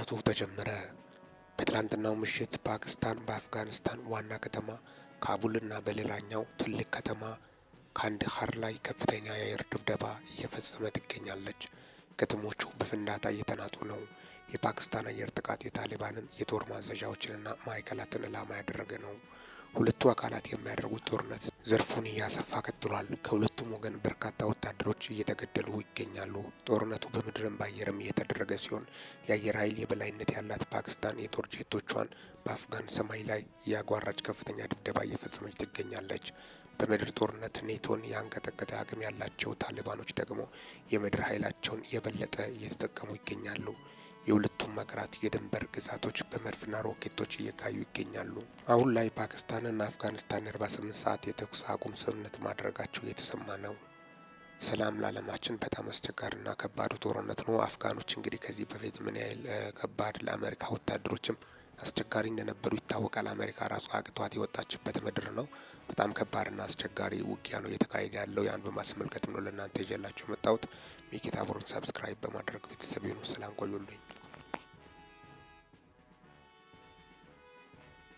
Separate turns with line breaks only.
ጦርነቱ ተጀመረ። በትላንትናው ምሽት ፓኪስታን በአፍጋኒስታን ዋና ከተማ ካቡልና በሌላኛው ትልቅ ከተማ ካንዳሃር ላይ ከፍተኛ የአየር ድብደባ እየፈጸመ ትገኛለች። ከተሞቹ በፍንዳታ እየተናጡ ነው። የፓኪስታን አየር ጥቃት የታሊባንን የጦር ማዘዣዎችንና ማዕከላትን ኢላማ ያደረገ ነው። ሁለቱ አካላት የሚያደርጉት ጦርነት ዘርፉን እያሰፋ ቀጥሏል። ከሁለቱም ወገን በርካታ ወታደሮች እየተገደሉ ይገኛሉ። ጦርነቱ በምድርም በአየርም እየተደረገ ሲሆን የአየር ኃይል የበላይነት ያላት ፓኪስታን የጦር ጄቶቿን በአፍጋን ሰማይ ላይ እያጓራች ከፍተኛ ድብደባ እየፈጸመች ትገኛለች። በምድር ጦርነት ኔቶን ያንቀጠቀጠ አቅም ያላቸው ታሊባኖች ደግሞ የምድር ኃይላቸውን የበለጠ እየተጠቀሙ ይገኛሉ። የሁለቱም ሀገራት የድንበር ግዛቶች መድፍና ሮኬቶች እየጋዩ ይገኛሉ። አሁን ላይ ፓኪስታንና አፍጋኒስታን 48 ሰዓት የተኩስ አቁም ስምምነት ማድረጋቸው እየተሰማ ነው። ሰላም ለዓለማችን በጣም አስቸጋሪና ከባዱ ጦርነት ነው። አፍጋኖች እንግዲህ ከዚህ በፊት ምን ያህል ከባድ ለአሜሪካ ወታደሮችም አስቸጋሪ እንደነበሩ ይታወቃል። አሜሪካ ራሱ አቅቷት የወጣችበት ምድር ነው። በጣም ከባድና አስቸጋሪ ውጊያ ነው እየተካሄደ ያለው። ያን በማስመልከት ነው ለእናንተ ይዤላቸው የመጣሁት። ሚኪታ ቡሩን ሰብስክራይብ በማድረግ ቤተሰብ ይሁኑ። ሰላም ቆዩልኝ።